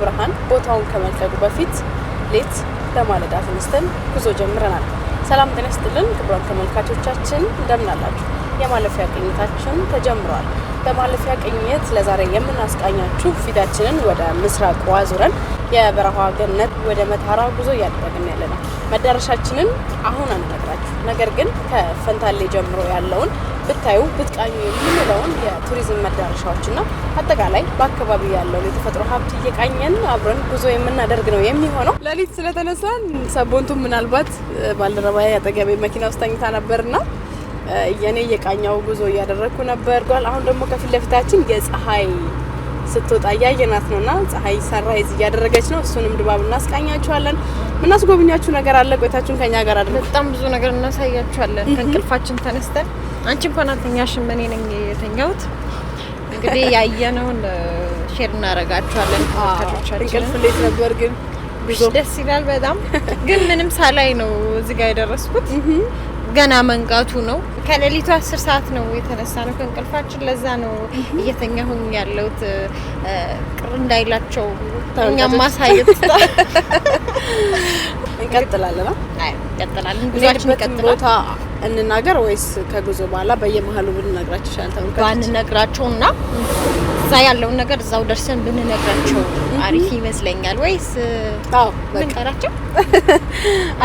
ብርሃን ቦታውን ከመልቀቁ በፊት ሌት ለማለዳ ተነስተን ጉዞ ጀምረናል። ሰላም ጤና ይስጥልን ክቡራን ተመልካቾቻችን እንደምን አላችሁ? የማለፊያ ቅኝታችን ተጀምረዋል። በማለፊያ ቅኝት ለዛሬ የምናስቃኛችሁ ፊታችንን ወደ ምስራቅ አዙረን የበረሃ ገነት ወደ መታራ ጉዞ እያደረግን ያለ ነው። መዳረሻችንን አሁን አንነግራችሁ፣ ነገር ግን ከፈንታሌ ጀምሮ ያለውን ብታዩ ብትቃኙ የምንለውን የቱሪዝም መዳረሻዎችና አጠቃላይ በአካባቢ ያለውን የተፈጥሮ ሀብት እየቃኘን አብረን ጉዞ የምናደርግ ነው የሚሆነው። ሌሊት ስለተነሳን ሰቦንቱ ምናልባት ባልደረባ አጠገቤ መኪና ውስጥ ተኝታ ነበርና የኔ የቃኛው ጉዞ እያደረግኩ ነበር። አሁን ደግሞ ከፊት ለፊታችን የፀሐይ ስትወጣ እያየናት ነውና ፀሐይ ሰራይዝ እያደረገች ነው። እሱንም ድባብ እናስቃኛችኋለን። ምናስጎብኛችሁ ነገር አለ። ቆይታችሁን ከኛ ጋር አድርጉ። በጣም ብዙ ነገር እናሳያችኋለን። ከእንቅልፋችን ተነስተን አንቺ እንኳን አልተኛሽም፣ እኔ ነኝ የተኛሁት። እንግዲህ ያየነውን ሼር እናደርጋችኋለን። እንቅልፍ እንዴት ነበር ግን? ደስ ይላል በጣም ግን ምንም ሳላይ ነው እዚህ ጋር የደረስኩት። ገና መንጋቱ ነው። ከሌሊቱ አስር ሰዓት ነው የተነሳ ነው ከእንቅልፋችን። ለዛ ነው እየተኛ እየተኛሁኝ ያለሁት ቅር እንዳይላቸው እኛም ማሳየት እንቀጥላለን ነው እንቀጥላለን። ጉዟችን ይቀጥላል። ቦታ እንናገር ወይስ ከጉዞ በኋላ በየመሀሉ ብንነግራቸው ይሻላል? ባንነግራቸውና እዛ ያለውን ነገር እዛው ደርሰን ብንነግራቸው አሪፍ ይመስለኛል። ወይስ ልንቀራቸው?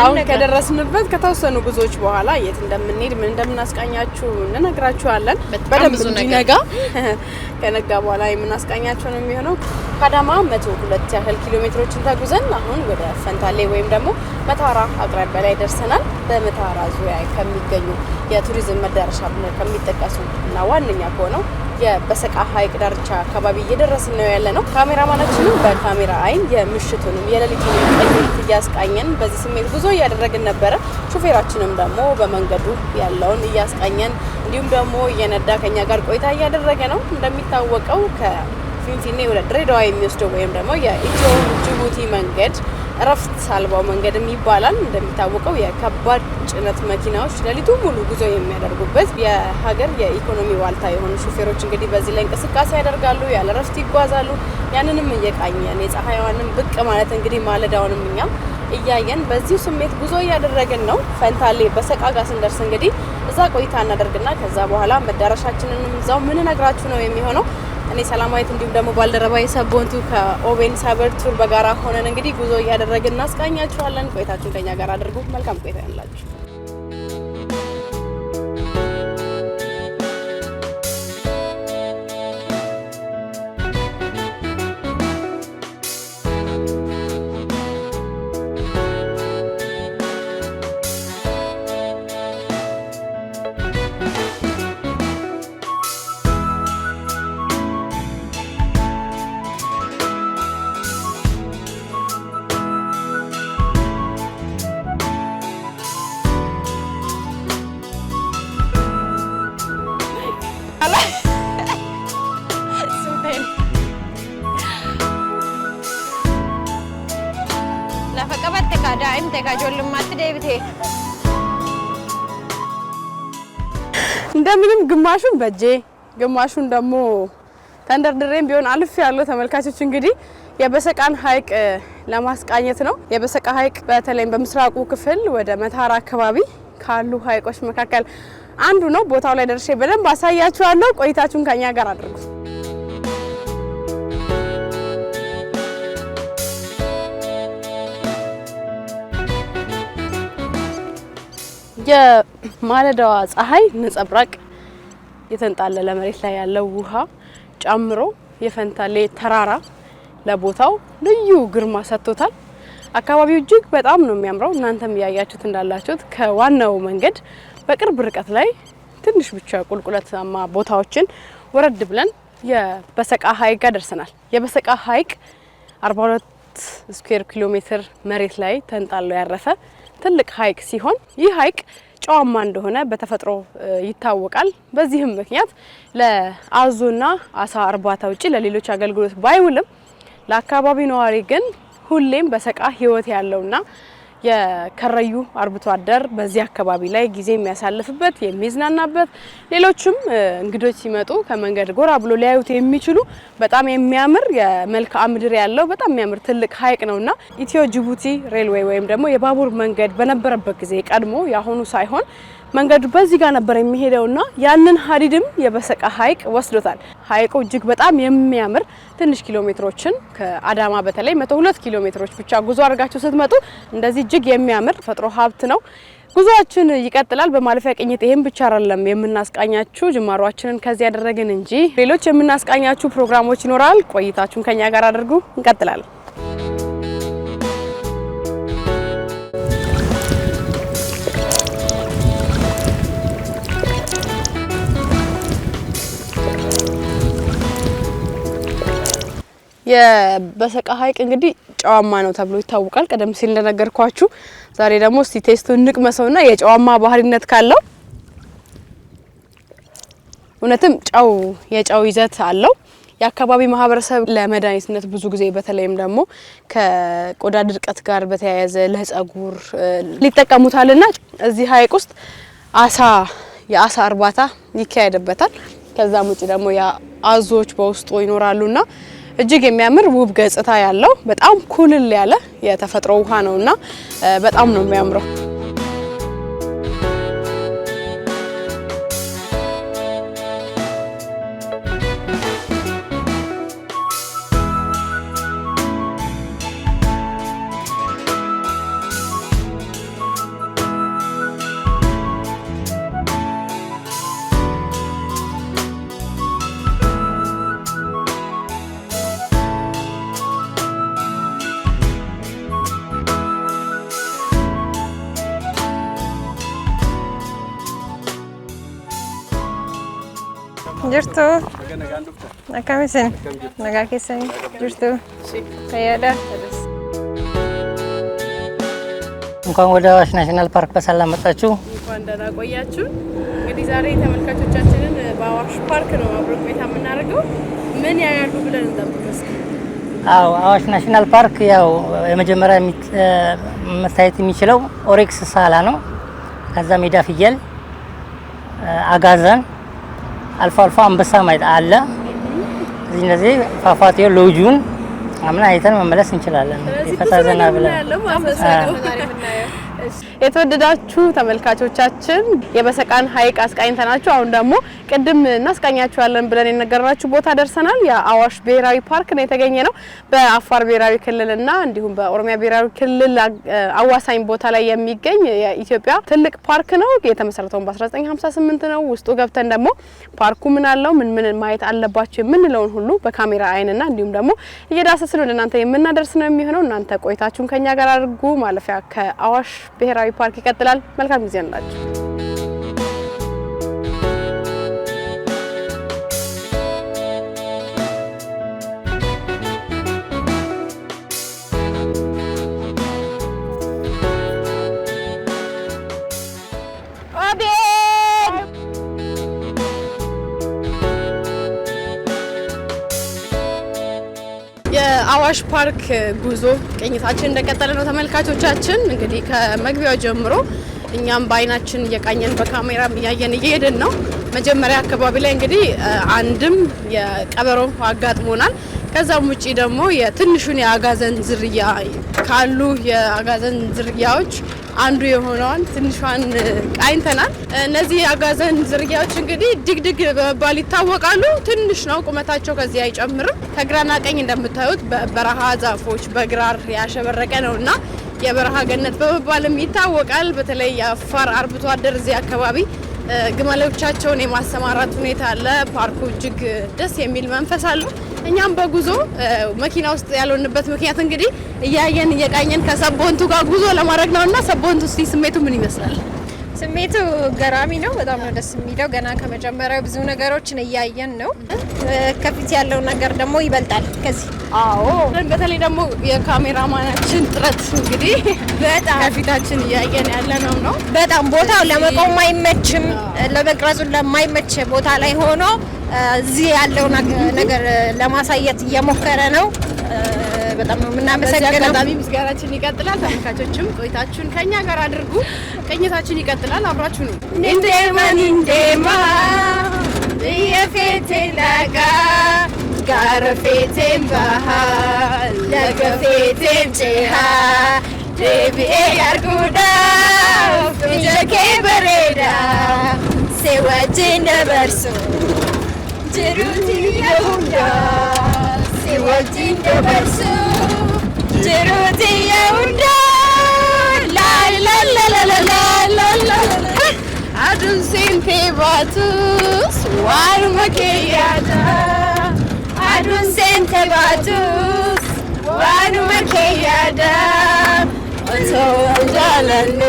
አሁን ከደረስንበት ከተወሰኑ ጉዞዎች በኋላ የት እንደምንሄድ ምን እንደምናስቃኛችሁ እንነግራችኋለን። በደንብ ነገር ከነጋ በኋላ የምናስቃኛቸው ነው የሚሆነው። ከአዳማ መቶ ሁለት ያህል ኪሎ ሜትሮችን ተጉዘን አሁን ወደ ፈንታሌ ወይም ደግሞ መታራ አቅራቢያ ላይ ደርሰናል። በመታራ ዙሪያ ከሚገኙ የቱሪዝም መዳረሻ ብለው ከሚጠቀሱ እና ዋነኛ ከሆነው የበሰቃ ሐይቅ ዳርቻ አካባቢ እየደረስን ነው ያለ ነው ካሜራማናችንም በካሜራ አይን የምሽቱንም የሌሊቱን ቀኝት እያስቃኘን በዚህ ስሜት ጉዞ እያደረግን ነበረ። ሹፌራችንም ደግሞ በመንገዱ ያለውን እያስቃኘን እንዲሁም ደግሞ እየነዳ ከኛ ጋር ቆይታ እያደረገ ነው። እንደሚታወቀው ከፊንፊኔ ወደ ድሬዳዋ የሚወስደው ወይም ደግሞ የኢትዮ ጅቡቲ መንገድ እረፍት አልባው መንገድም ይባላል። እንደሚታወቀው የከባድ ጭነት መኪናዎች ሌሊቱ ሙሉ ጉዞ የሚያደርጉበት የሀገር የኢኮኖሚ ዋልታ የሆኑ ሹፌሮች እንግዲህ በዚህ ላይ እንቅስቃሴ ያደርጋሉ፣ ያለ እረፍት ይጓዛሉ። ያንንም እየቃኘን የፀሐይዋንም ብቅ ማለት እንግዲህ ማለዳውንም እኛም እያየን በዚሁ ስሜት ጉዞ እያደረግን ነው። ፈንታሌ በሰቃጋ ስንደርስ እንግዲህ እዛ ቆይታ እናደርግና ከዛ በኋላ መዳረሻችንንም እዛው ምን ነግራችሁ ነው የሚሆነው እኔ ሰላማዊት እንዲሁም ደግሞ ባልደረባ የሰቦንቱ ከኦቤን ሳበር ቱር በጋራ ሆነን እንግዲህ ጉዞ እያደረግን እናስቃኛችኋለን። ቆይታችሁን ከኛ ጋር አድርጉ። መልካም ቆይታ ያላችሁ Lafa qabatte daa'imte ijoollummaatti deebite. እንደምንም ግማሹን በእጄ ግማሹን ደግሞ ተንደርድሬም ቢሆን አልፍ ያለው ተመልካቾች እንግዲህ የበሰቃን ሐይቅ ለማስቃኘት ነው። የበሰቃ ሐይቅ በተለይም በምስራቁ ክፍል ወደ መታራ አካባቢ ካሉ ሐይቆች መካከል አንዱ ነው። ቦታው ላይ ደርሼ በደንብ አሳያችኋለሁ። ቆይታችሁን ከኛ ጋር አድርጉ። የማለዳዋ ፀሐይ ነጸብራቅ የተንጣለለ መሬት ላይ ያለው ውሃ ጨምሮ የፈንታሌ ተራራ ለቦታው ልዩ ግርማ ሰጥቶታል። አካባቢው እጅግ በጣም ነው የሚያምረው። እናንተም እያያችሁት እንዳላችሁት ከዋናው መንገድ በቅርብ ርቀት ላይ ትንሽ ብቻ ቁልቁለታማ ቦታዎችን ወረድ ብለን የበሰቃ ሐይቅ ጋር ደርሰናል። የበሰቃ ሐይቅ 42 ስኩዌር ኪሎ ሜትር መሬት ላይ ተንጣሎ ያረፈ ትልቅ ሀይቅ ሲሆን ይህ ሀይቅ ጨዋማ እንደሆነ በተፈጥሮ ይታወቃል። በዚህም ምክንያት ለአዞና አሳ እርባታ ውጪ ለሌሎች አገልግሎት ባይውልም ለአካባቢው ነዋሪ ግን ሁሌም በሰቃ ህይወት ያለውና የከረዩ አርብቶ አደር በዚህ አካባቢ ላይ ጊዜ የሚያሳልፍበት የሚዝናናበት፣ ሌሎችም እንግዶች ሲመጡ ከመንገድ ጎራ ብሎ ሊያዩት የሚችሉ በጣም የሚያምር የመልክዓ ምድር ያለው በጣም የሚያምር ትልቅ ሀይቅ ነውና ኢትዮ ጅቡቲ ሬልዌይ ወይም ደግሞ የባቡር መንገድ በነበረበት ጊዜ ቀድሞ የአሁኑ ሳይሆን መንገዱ በዚህ ጋር ነበር የሚሄደውና ያንን ሀዲድም የበሰቃ ሀይቅ ወስዶታል። ሀይቁ እጅግ በጣም የሚያምር ትንሽ ኪሎ ሜትሮችን ከአዳማ በተለይ ሁለት ኪሎ ሜትሮች ብቻ ጉዞ አድርጋችሁ ስትመጡ እንደዚህ እጅግ የሚያምር ተፈጥሮ ሀብት ነው። ጉዞአችን ይቀጥላል። በማለፊያ ቅኝት ይህም ብቻ አይደለም የምናስቃኛችሁ። ጅማሯችንን ከዚህ ያደረግን እንጂ ሌሎች የምናስቃኛችሁ ፕሮግራሞች ይኖራል። ቆይታችሁን ከኛ ጋር አድርጉ። እንቀጥላለን። የበሰቃ ሐይቅ እንግዲህ ጨዋማ ነው ተብሎ ይታወቃል፣ ቀደም ሲል እንደነገርኳችሁ። ዛሬ ደግሞ እስቲ ቴስቱን ና የጨዋማ ባህሪነት ካለው እውነትም ጨው የጨው ይዘት አለው። የአካባቢ ማህበረሰብ ለመድኃኒትነት ብዙ ጊዜ በተለይም ደግሞ ከቆዳ ድርቀት ጋር በተያያዘ ለጸጉር ሊጠቀሙታልና እዚህ ሐይቅ ውስጥ አሳ የአሳ እርባታ ይካሄድበታል። ከዛም ውጭ ደግሞ የአዞዎች በውስጡ ይኖራሉና እጅግ የሚያምር ውብ ገጽታ ያለው በጣም ኩልል ያለ የተፈጥሮ ውሃ ነውና በጣም ነው የሚያምረው። jirtu? Akkam isin? Nagaa keessan እንኳን ወደ አዋሽ ናሽናል ፓርክ በሰላም መጣችሁ። እንኳን ደህና ቆያችሁ። እንግዲህ ዛሬ ተመልካቾቻችንን በአዋሽ ፓርክ ነው አብረን ቆይታ የምናደርገው። ምን ያያሉ ብለን እንጠብቅስ? አዎ አዋሽ ናሽናል ፓርክ ያው የመጀመሪያ መታየት የሚችለው ኦሬክስ ሳላ ነው። ከዛ ሜዳ ፍየል፣ አጋዘን አልፎ አልፎ አንበሳ ማየት አለ። እዚህ እንደዚህ ፏፏቴው ሎጁን አምና አይተን መመለስ እንችላለን። ፈታ ዘና ብለን የተወደዳችሁ ተመልካቾቻችን የበሰቃን ሐይቅ አስቃኝተናችሁ አሁን ደግሞ ቅድም እናስቃኛችኋለን ብለን የነገርናችሁ ቦታ ደርሰናል። የአዋሽ ብሔራዊ ፓርክ ነው የተገኘ ነው። በአፋር ብሔራዊ ክልልና እንዲሁም በኦሮሚያ ብሔራዊ ክልል አዋሳኝ ቦታ ላይ የሚገኝ የኢትዮጵያ ትልቅ ፓርክ ነው። የተመሰረተውን በ1958 ነው። ውስጡ ገብተን ደግሞ ፓርኩ ምን አለው፣ ምን ምን ማየት አለባቸው የምንለውን ሁሉ በካሜራ አይንና እንዲሁም ደግሞ እየዳሰስን ወደ እናንተ የምናደርስ ነው የሚሆነው። እናንተ ቆይታችሁን ከኛ ጋር አድርጉ። ማለፊያ ከአዋሽ ብሔራዊ ፓርክ ይቀጥላል። መልካም ጊዜ እንላችሁ። አዋሽ ፓርክ ጉዞ ቅኝታችን እንደቀጠለ ነው ተመልካቾቻችን። እንግዲህ ከመግቢያው ጀምሮ እኛም በአይናችን እየቃኘን በካሜራም እያየን እየሄድን ነው። መጀመሪያ አካባቢ ላይ እንግዲህ አንድም የቀበሮ አጋጥሞናል። ከዛም ውጪ ደግሞ የትንሹን የአጋዘን ዝርያ ካሉ የአጋዘን ዝርያዎች አንዱ የሆነዋን ትንሿን ቃኝተናል። እነዚህ የአጋዘን ዝርያዎች እንግዲህ ድግድግ በመባል ይታወቃሉ። ትንሽ ነው ቁመታቸው፣ ከዚህ አይጨምርም። ከግራና ቀኝ እንደምታዩት በበረሃ ዛፎች በግራር ያሸበረቀ ነው እና የበረሃ ገነት በመባልም ይታወቃል። በተለይ የአፋር አርብቶ አደር እዚህ አካባቢ ግመሎቻቸውን የማሰማራት ሁኔታ አለ። ፓርኩ እጅግ ደስ የሚል መንፈስ አለው። እኛም በጉዞ መኪና ውስጥ ያልሆንበት ምክንያት እንግዲህ እያየን እየቃኘን ከሰቦንቱ ጋር ጉዞ ለማድረግ ነው እና ሰቦንቱ እስቲ ስሜቱ ምን ይመስላል? ስሜቱ ገራሚ ነው። በጣም ነው ደስ የሚለው። ገና ከመጀመሪያው ብዙ ነገሮችን እያየን ነው። ከፊት ያለው ነገር ደግሞ ይበልጣል ከዚህ። አዎ፣ በተለይ ደግሞ የካሜራማናችን ጥረት እንግዲህ በጣም ከፊታችን እያየን ያለ ነው ነው። በጣም ቦታው ለመቆም አይመችም፣ ለመቅረጹ ለማይመች ቦታ ላይ ሆኖ እዚህ ያለው ነገር ለማሳየት እየሞከረ ነው። በጣም ነው የምናመሰግነው። አጋጣሚ ምስጋናችን ይቀጥላል። ተመልካቾችም ቆይታችሁን ከኛ ጋር አድርጉ። ቅኝታችን ይቀጥላል። አብራችሁ ነው እንደማ እንደማ ጋር ጋረፌቴም ባሃ ለገፌቴም ጭሃ ደብኤ ያርጉዳ ጀኬ በሬዳ ሴዋጅ ነበርሱ Черутия унда, сегодня барсу. Черутия унда, ла ла ла ла ла ла ла ла. Adunsın tebatüs var mı keyada? Adunsın tebatüs var mı keyada? Otoğlanım,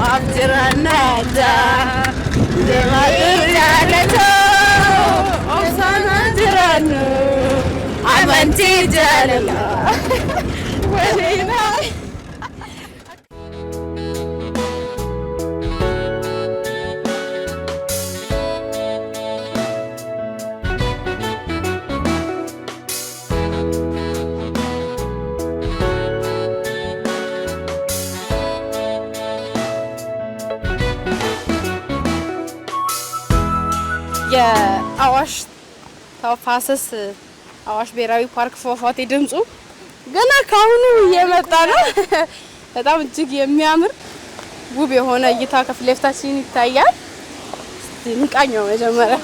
abdiranada, demadırlarada. جعل الله ولينا i our, our passes. Uh, አዋሽ ብሔራዊ ፓርክ ፏፏቴ ድምፁ ገና ካሁኑ እየመጣ ነው። በጣም እጅግ የሚያምር ውብ የሆነ እይታ ከፊት ለፊታችን ይታያል። እንቃኘው መጀመሪያ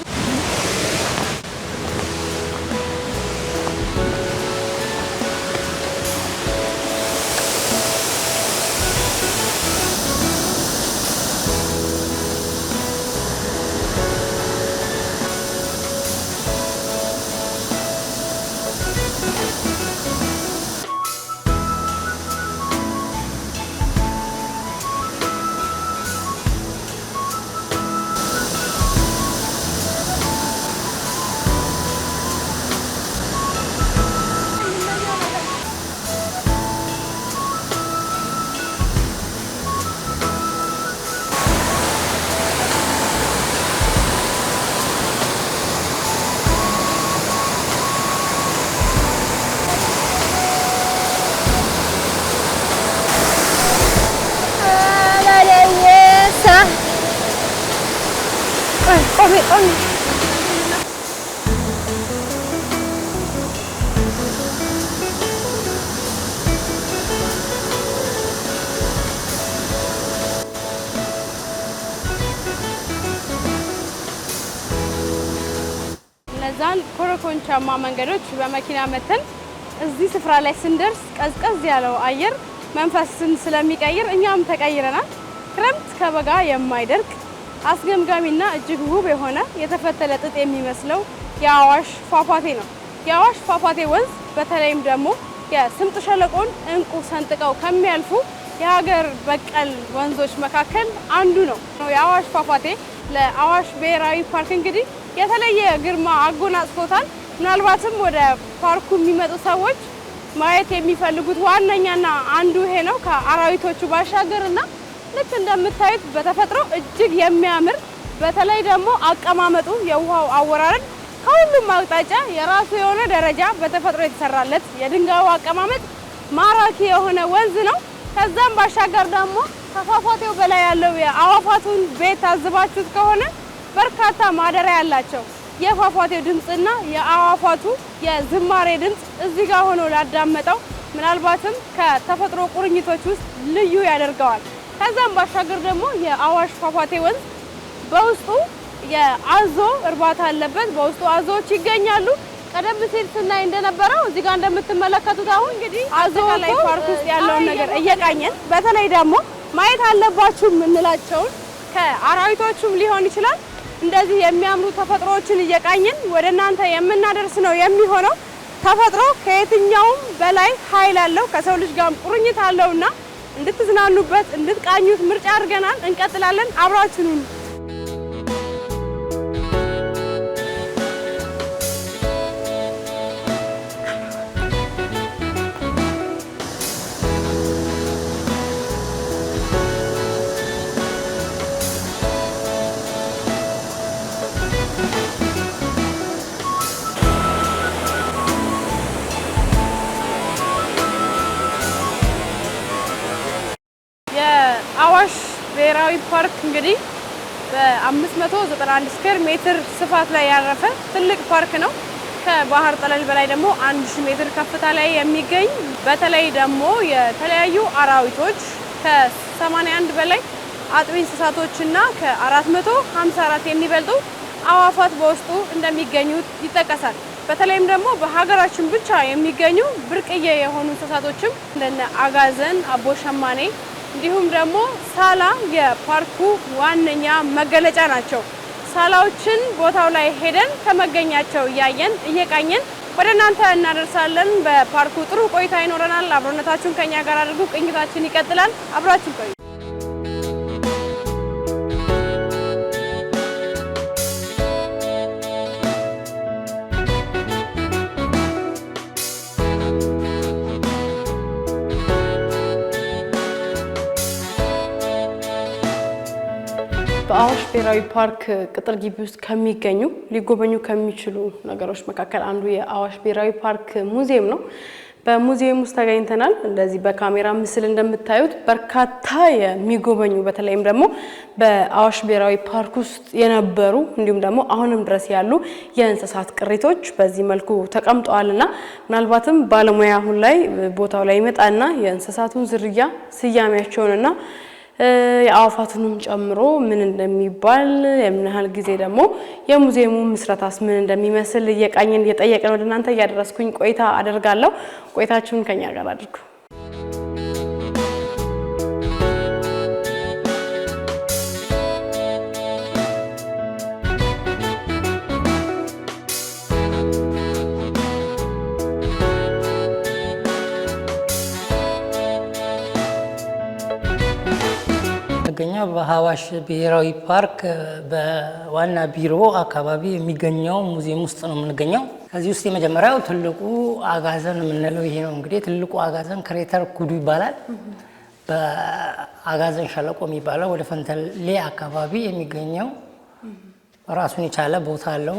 ኮረብታማ መንገዶች በመኪና መተን እዚህ ስፍራ ላይ ስንደርስ ቀዝቀዝ ያለው አየር መንፈስን ስለሚቀይር እኛም ተቀይረናል። ክረምት ከበጋ የማይደርቅ አስገምጋሚና እጅግ ውብ የሆነ የተፈተለ ጥጥ የሚመስለው የአዋሽ ፏፏቴ ነው። የአዋሽ ፏፏቴ ወንዝ በተለይም ደግሞ የስምጥ ሸለቆን እንቁ ሰንጥቀው ከሚያልፉ የሀገር በቀል ወንዞች መካከል አንዱ ነው። የአዋሽ ፏፏቴ ለአዋሽ ብሔራዊ ፓርክ እንግዲህ የተለየ ግርማ አጎናጽፎታል። ምናልባትም ወደ ፓርኩ የሚመጡ ሰዎች ማየት የሚፈልጉት ዋነኛና አንዱ ይሄ ነው። ከአራዊቶቹ ባሻገር እና ልክ እንደምታዩት በተፈጥሮ እጅግ የሚያምር በተለይ ደግሞ አቀማመጡ የውሃው አወራረድ ከሁሉም አቅጣጫ የራሱ የሆነ ደረጃ በተፈጥሮ የተሰራለት የድንጋዩ አቀማመጥ ማራኪ የሆነ ወንዝ ነው። ከዛም ባሻገር ደግሞ ከፏፏቴው በላይ ያለው የአዋፋቱን ቤት ታዝባችሁት ከሆነ በርካታ ማደሪያ ያላቸው የፏፏቴው ድምፅና የአዋፏቱ የዝማሬ ድምፅ እዚህ ጋር ሆኖ ላዳመጠው ምናልባትም ከተፈጥሮ ቁርኝቶች ውስጥ ልዩ ያደርገዋል። ከዛም ባሻገር ደግሞ የአዋሽ ፏፏቴ ወንዝ በውስጡ የአዞ እርባታ አለበት። በውስጡ አዞዎች ይገኛሉ። ቀደም ሲል ስናይ እንደነበረው እዚህ ጋር እንደምትመለከቱት አሁን እንግዲህ አዞ ላይ ፓርክ ውስጥ ያለውን ነገር እየቃኘን በተለይ ደግሞ ማየት አለባችሁ የምንላቸውን ከአራዊቶቹም ሊሆን ይችላል እንደዚህ የሚያምሩ ተፈጥሮዎችን እየቃኝን ወደ እናንተ የምናደርስ ነው የሚሆነው። ተፈጥሮ ከየትኛውም በላይ ኃይል አለው፣ ከሰው ልጅ ጋር ቁርኝት አለውና እንድትዝናኑበት እንድትቃኙት ምርጫ አድርገናል። እንቀጥላለን። አብራችሁን እንግዲህ በ591 ስኩዌር ሜትር ስፋት ላይ ያረፈ ትልቅ ፓርክ ነው። ከባህር ጠለል በላይ ደግሞ 1000 ሜትር ከፍታ ላይ የሚገኝ በተለይ ደግሞ የተለያዩ አራዊቶች ከ81 በላይ አጥቢ እንስሳቶችና ከ454 የሚበልጡ አዋፋት በውስጡ እንደሚገኙ ይጠቀሳል። በተለይም ደግሞ በሀገራችን ብቻ የሚገኙ ብርቅዬ የሆኑ እንስሳቶችም እንደነ አጋዘን፣ አቦ ሸማኔ እንዲሁም ደግሞ ሳላ የፓርኩ ዋነኛ መገለጫ ናቸው። ሳላዎችን ቦታው ላይ ሄደን ከመገኛቸው እያየን እየቃኘን ወደ እናንተ እናደርሳለን። በፓርኩ ጥሩ ቆይታ ይኖረናል። አብሮነታችሁን ከኛ ጋር አድርጉ። ቅኝታችን ይቀጥላል። አብራችን ቆዩ። አዋሽ ብሔራዊ ፓርክ ቅጥር ግቢ ውስጥ ከሚገኙ ሊጎበኙ ከሚችሉ ነገሮች መካከል አንዱ የአዋሽ ብሔራዊ ፓርክ ሙዚየም ነው። በሙዚየም ውስጥ ተገኝተናል። እንደዚህ በካሜራ ምስል እንደምታዩት በርካታ የሚጎበኙ በተለይም ደግሞ በአዋሽ ብሔራዊ ፓርክ ውስጥ የነበሩ እንዲሁም ደግሞ አሁንም ድረስ ያሉ የእንስሳት ቅሪቶች በዚህ መልኩ ተቀምጠዋል እና ምናልባትም ባለሙያ አሁን ላይ ቦታው ላይ ይመጣና የእንስሳቱን ዝርያ ስያሜያቸውንና የአዋፋትንም ጨምሮ ምን እንደሚባል የምን ያህል ጊዜ ደግሞ የሙዚየሙ ምስረታስ ምን እንደሚመስል እየቃኝን እየጠየቅን ወደ እናንተ እያደረስኩኝ ቆይታ አደርጋለሁ። ቆይታችሁን ከኛ ጋር አድርጉ። የሚገኘው በሀዋሽ ብሔራዊ ፓርክ በዋና ቢሮ አካባቢ የሚገኘው ሙዚየም ውስጥ ነው የምንገኘው። ከዚህ ውስጥ የመጀመሪያው ትልቁ አጋዘን የምንለው ይሄ ነው። እንግዲህ ትልቁ አጋዘን ክሬተር ኩዱ ይባላል። በአጋዘን ሸለቆ የሚባለው ወደ ፈንተሌ አካባቢ የሚገኘው ራሱን የቻለ ቦታ አለው።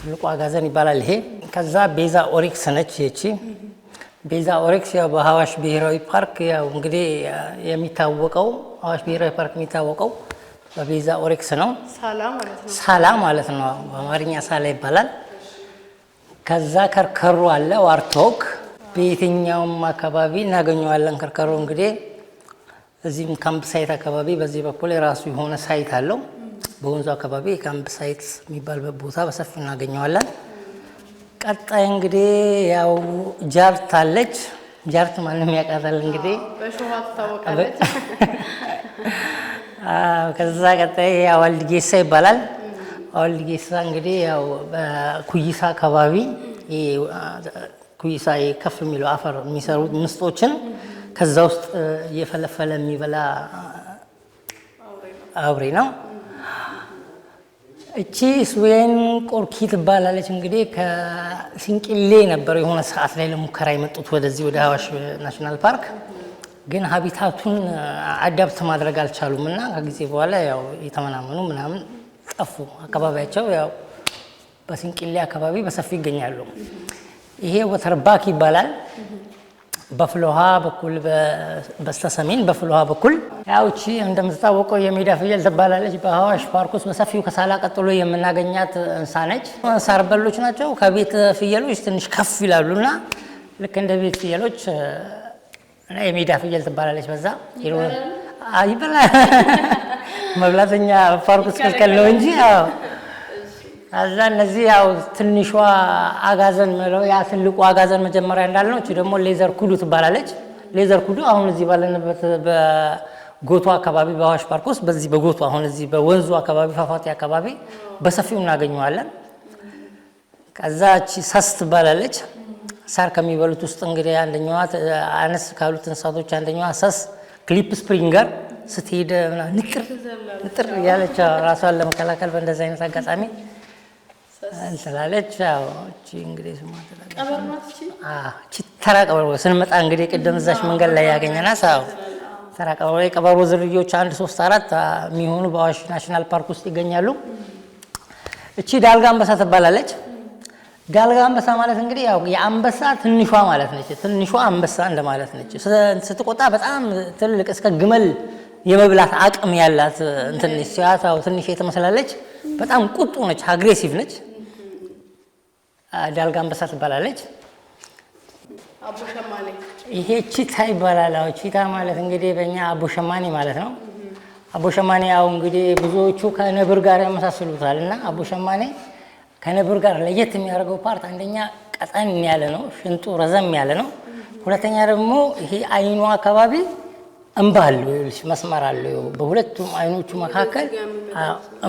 ትልቁ አጋዘን ይባላል ይሄ። ከዛ ቤዛ ኦሪክስ ነች ይቺ ቤዛ ኦሬክስ ያው በአዋሽ ብሔራዊ ፓርክ ያው እንግዲህ የሚታወቀው አዋሽ ብሔራዊ ፓርክ የሚታወቀው በቤዛ ኦሬክስ ነው። ሳላ ማለት ነው፣ በአማርኛ ሳላ ይባላል። ከዛ ከርከሮ አለ ዋርቶክ። በየትኛውም አካባቢ እናገኘዋለን። ከርከሩ እንግዲህ እዚህም ካምፕ ሳይት አካባቢ በዚህ በኩል የራሱ የሆነ ሳይት አለው። በወንዙ አካባቢ ካምፕ ሳይት የሚባልበት ቦታ በሰፊ እናገኘዋለን። ቀጣይ እንግዲህ ያው ጃርት አለች። ጃርት ማንም ያውቃታል እንግዲህ ከዛ ቀጣይ ያው ይባላል። እንግዲህ ያው አካባቢ ኩይሳ ከፍ የሚለው አፈር ምስጦችን ከዛ ውስጥ እየፈለፈለ የሚበላ አውሬ ነው። እቺ ስዌን ቆርኪ ትባላለች። እንግዲህ ከሲንቅሌ ነበረው የሆነ ሰዓት ላይ ለሙከራ የመጡት ወደዚህ ወደ ሀዋሽ ናሽናል ፓርክ ግን ሀቢታቱን አዳብት ማድረግ አልቻሉም እና ከጊዜ በኋላ ያው የተመናመኑ ምናምን ጠፉ። አካባቢያቸው ያው በስንቅሌ አካባቢ በሰፊ ይገኛሉ። ይሄ ወተርባክ ይባላል። በፍሎሃ በኩል በስተሰሜን በፍሎሃ በኩል ያው እቺ እንደምትታወቀው የሜዳ ፍየል ትባላለች። በአዋሽ ፓርክ ውስጥ በሰፊው ከሳላ ቀጥሎ የምናገኛት እንስሳ ነች። ሳርበሎች ናቸው። ከቤት ፍየሎች ትንሽ ከፍ ይላሉና ልክ እንደ ቤት ፍየሎች የሜዳ ፍየል ትባላለች። በዛ ይበላ መብላተኛ ፓርክ ውስጥ ከልከል ነው እንጂ ከዛ እነዚህ ያው ትንሿ አጋዘን መለው ያ ትልቁ አጋዘን መጀመሪያ እንዳልነው እቺ ደግሞ ሌዘር ኩዱ ትባላለች። ሌዘር ኩዱ አሁን እዚህ ባለንበት በጎቶ አካባቢ በአዋሽ ፓርክ ውስጥ በዚህ በጎቶ አሁን እዚህ በወንዙ አካባቢ ፏፏቴ አካባቢ በሰፊው እናገኘዋለን። ከዛ እቺ ሳስ ትባላለች። ሳር ከሚበሉት ውስጥ እንግዲህ አንደኛዋ አነስ ካሉት እንስሳቶች አንደኛዋ ሰስ ክሊፕ ስፕሪንገር ስትሄድ ንጥር ንጥር እያለች ራሷን ለመከላከል በእንደዚህ አይነት አጋጣሚ ስላለች እንግዲህ ተራ ቀበሮ ስንመጣ እንግዲህ ቅድም እዛች መንገድ ላይ ያገኘና ሰው ተራ ቀበሮ የቀበሮ ዝርዮች አንድ ሶስት አራት የሚሆኑ በአዋሽ ናሽናል ፓርክ ውስጥ ይገኛሉ። እቺ ዳልጋ አንበሳ ትባላለች። ዳልጋ አንበሳ ማለት እንግዲህ ያው የአንበሳ ትንሿ ማለት ነች። ትንሿ አንበሳ እንደማለት ነች። ስትቆጣ በጣም ትልቅ እስከ ግመል የመብላት አቅም ያላት እንትን ትንሽ የተመስላለች። በጣም ቁጡ ነች፣ አግሬሲቭ ነች። ዳልጋ አንበሳ ትባላለች። ይሄ ቺታ ይባላል። ቺታ ማለት እንግዲህ በእኛ አቦሸማኔ ማለት ነው። አቦሸማኔ ያው እንግዲህ ብዙዎቹ ከነብር ጋር ያመሳስሉታል እና አቦሸማኔ ከነብር ጋር ለየት የሚያደርገው ፓርት አንደኛ ቀጠን ያለ ነው፣ ሽንጡ ረዘም ያለ ነው። ሁለተኛ ደግሞ ይሄ አይኑ አካባቢ እንባ አለው፣ መስመር አለው። በሁለቱም አይኖቹ መካከል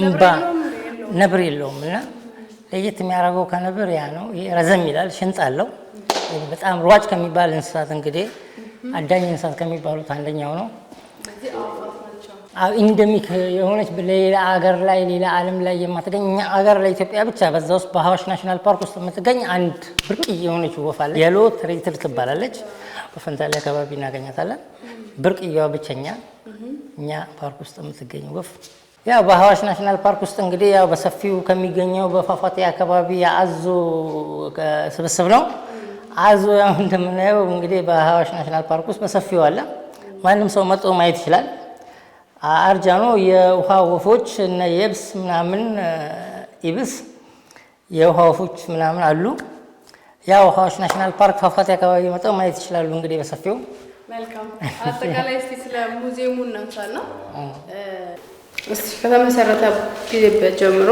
እንባ ነብር የለውም እና ለየት የሚያደርገው ከነብር ያ ነው። ረዘም ይላል፣ ሽንጥ አለው። በጣም ሯጭ ከሚባል እንስሳት እንግዲህ አዳኝ እንስሳት ከሚባሉት አንደኛው ነው። ኢንደሚክ የሆነች ሌላ አገር ላይ ሌላ አለም ላይ የማትገኝ እኛ አገር ለኢትዮጵያ ብቻ በዛ ውስጥ በሀዋሽ ናሽናል ፓርክ ውስጥ የምትገኝ አንድ ብርቅዬ የሆነች ወፍ የሎ ትሬትር ትባላለች። በፈንታሌ አካባቢ እናገኛታለን። ብርቅዬዋ ብቸኛ እኛ ፓርክ ውስጥ የምትገኝ ወፍ ያ በአዋሽ ናሽናል ፓርክ ውስጥ እንግዲህ ያው በሰፊው ከሚገኘው በፏፏቴ አካባቢ የአዞ ስብስብ ነው። አዞ ያው እንደምናየው እንግዲህ በአዋሽ ናሽናል ፓርክ ውስጥ በሰፊው አለ። ማንም ሰው መጥቶ ማየት ይችላል። አርጃኖ የውሃ ወፎች እነ የብስ ምናምን ኢብስ የውሃ ወፎች ምናምን አሉ። ያው አዋሽ ናሽናል ፓርክ ፏፏቴ አካባቢ መጠው ማየት ይችላሉ። እንግዲህ በሰፊው መልካም። አጠቃላይ እስቲ ስለ ሙዚየሙ እናንሳና እስቲ ከተመሰረተበት ጀምሮ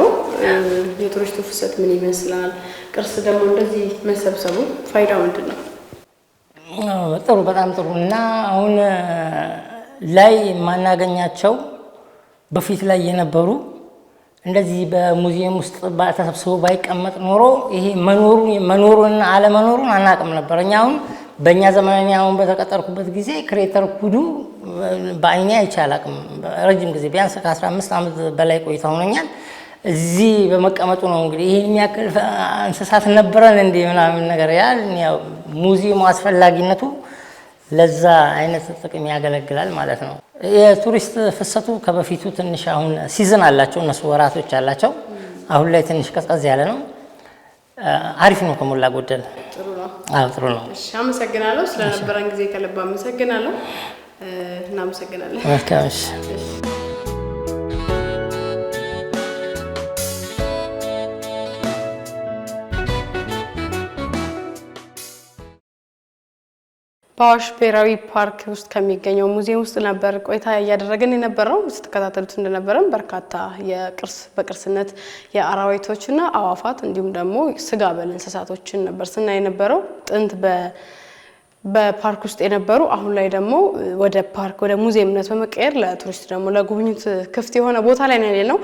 የቱሪስቱ ፍሰት ምን ይመስላል? ቅርስ ደግሞ እንደዚህ መሰብሰቡ ፋይዳው ምንድን ነው? ጥሩ፣ በጣም ጥሩ እና አሁን ላይ የማናገኛቸው በፊት ላይ የነበሩ እንደዚህ በሙዚየም ውስጥ ተሰብስቦ ባይቀመጥ ኖሮ ይሄ መኖሩን መኖሩንና አለመኖሩን አናውቅም ነበር። እኛ አሁን በእኛ ዘመን አሁን በተቀጠርኩበት ጊዜ ክሬተር ኩዱ በአይኔ አይቼ ረጅም ጊዜ ቢያንስ ከ15 ዓመት በላይ ቆይታ ሆኖኛል። እዚህ በመቀመጡ ነው እንግዲህ ይህ የሚያክል እንስሳት ነበረን እንዲህ ምናምን ነገር ያህል ሙዚየሙ አስፈላጊነቱ ለዛ አይነት ጥቅም ያገለግላል ማለት ነው። የቱሪስት ፍሰቱ ከበፊቱ ትንሽ አሁን ሲዝን አላቸው እነሱ ወራቶች አላቸው። አሁን ላይ ትንሽ ቀዝቀዝ ያለ ነው። አሪፍ ነው ከሞላ ጎደል። ጥሩ ነው። አመሰግናለሁ። ስለነበረን ጊዜ ከልብ አመሰግናለሁ። እናመሰግናለን። በአዋሽ ብሔራዊ ፓርክ ውስጥ ከሚገኘው ሙዚየም ውስጥ ነበር ቆይታ እያደረግን የነበረው። ስትከታተሉት እንደነበረም በርካታ የቅርስ በቅርስነት የአራዊቶችና አዋፋት እንዲሁም ደግሞ ስጋ በል እንስሳቶችን ነበር ስና የነበረው ጥንት በ በፓርክ ውስጥ የነበሩ አሁን ላይ ደግሞ ወደ ፓርክ ወደ ሙዚየምነት በመቀየር ለቱሪስት ደግሞ ለጉብኝት ክፍት የሆነ ቦታ ላይ ነው ያለነው።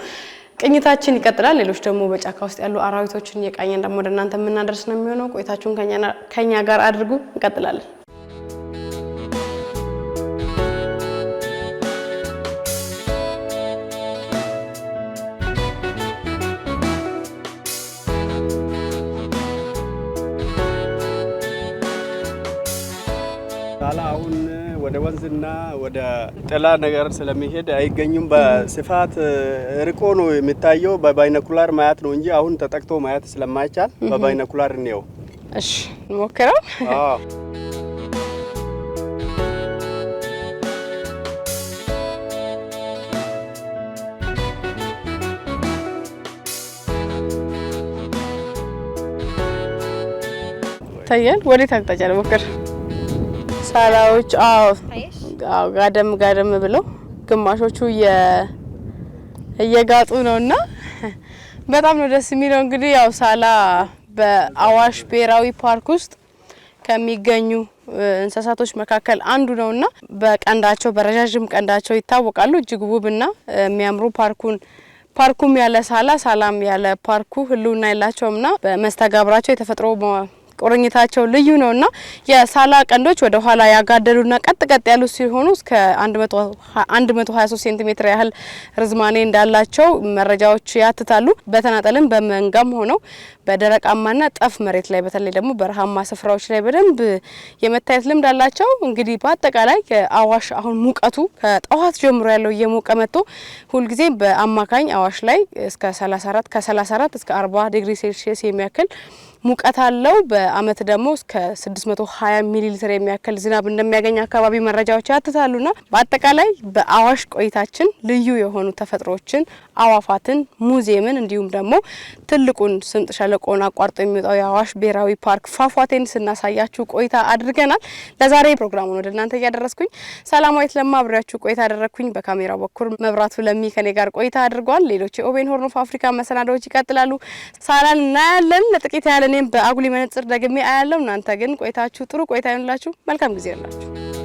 ቅኝታችን ይቀጥላል። ሌሎች ደግሞ በጫካ ውስጥ ያሉ አራዊቶችን እየቃኘን ደግሞ ወደ እናንተ የምናደርስ ነው የሚሆነው። ቆይታችሁን ከኛ ጋር አድርጉ። እንቀጥላለን። ወደ ወንዝና ወደ ጥላ ነገር ስለሚሄድ አይገኙም። በስፋት ርቆ ነው የሚታየው። በባይነኩላር ማየት ነው እንጂ አሁን ተጠቅቶ ማየት ስለማይቻል በባይነኩላር እንየው። እሺ ሞክረው። ይታያል። ወዴት አቅጣጫ ለሞክር ሻላዎች አዎ፣ ጋደም ጋደም ብለው ግማሾቹ እየጋጡ ነውና በጣም ነው ደስ የሚለው። እንግዲህ ያው ሳላ በአዋሽ ብሔራዊ ፓርክ ውስጥ ከሚገኙ እንስሳቶች መካከል አንዱ ነውና በቀንዳቸው በረዣዥም ቀንዳቸው ይታወቃሉ። እጅግ ውብና የሚያምሩ ፓርኩን ፓርኩም ያለ ሳላ ሳላም ያለ ፓርኩ ህልውና የላቸውምና በመስተጋብራቸው የተፈጥሮ ቁርኝታቸው ልዩ ነውና የሳላ ቀንዶች ወደ ኋላ ያጋደሉና ቀጥ ቀጥ ያሉ ሲሆኑ እስከ 123 ሴንቲሜትር ያህል ርዝማኔ እንዳላቸው መረጃዎች ያትታሉ። በተናጠልም በመንጋም ሆነው በደረቃማና ጠፍ መሬት ላይ በተለይ ደግሞ በረሃማ ስፍራዎች ላይ በደንብ የመታየት ልምድ አላቸው። እንግዲህ በአጠቃላይ አዋሽ አሁን ሙቀቱ ከጠዋት ጀምሮ ያለው እየሞቀ መጥቶ ሁልጊዜ በአማካኝ አዋሽ ላይ እስከ 34 ከ34 እስከ 40 ዲግሪ ሴልሺየስ የሚያክል ሙቀት አለው። በአመት ደግሞ እስከ 620 ሚሊ ሊትር የሚያክል ዝናብ እንደሚያገኝ አካባቢ መረጃዎች ያትታሉና በአጠቃላይ በአዋሽ ቆይታችን ልዩ የሆኑ ተፈጥሮዎችን፣ አዋፋትን፣ ሙዚየምን እንዲሁም ደግሞ ትልቁን ስምጥ ሸለቆን አቋርጦ የሚወጣው የአዋሽ ብሔራዊ ፓርክ ፏፏቴን ስናሳያችሁ ቆይታ አድርገናል። ለዛሬ ፕሮግራሙን ወደ እናንተ እያደረስኩኝ ሰላማዊት ለማ አብሬያችሁ ቆይታ አደረግኩኝ። በካሜራው በኩል መብራቱ ለሚ ከኔ ጋር ቆይታ አድርጓል። ሌሎች የኦቤን ሆርን ኦፍ አፍሪካ መሰናዶዎች ይቀጥላሉ። ሳላን እናያለን ለጥቂት ያለን እኔም በአጉሊ መነጽር ደግሜ አያለው። እናንተ ግን ቆይታችሁ ጥሩ ቆይታ ይሆንላችሁ። መልካም ጊዜ ያላችሁ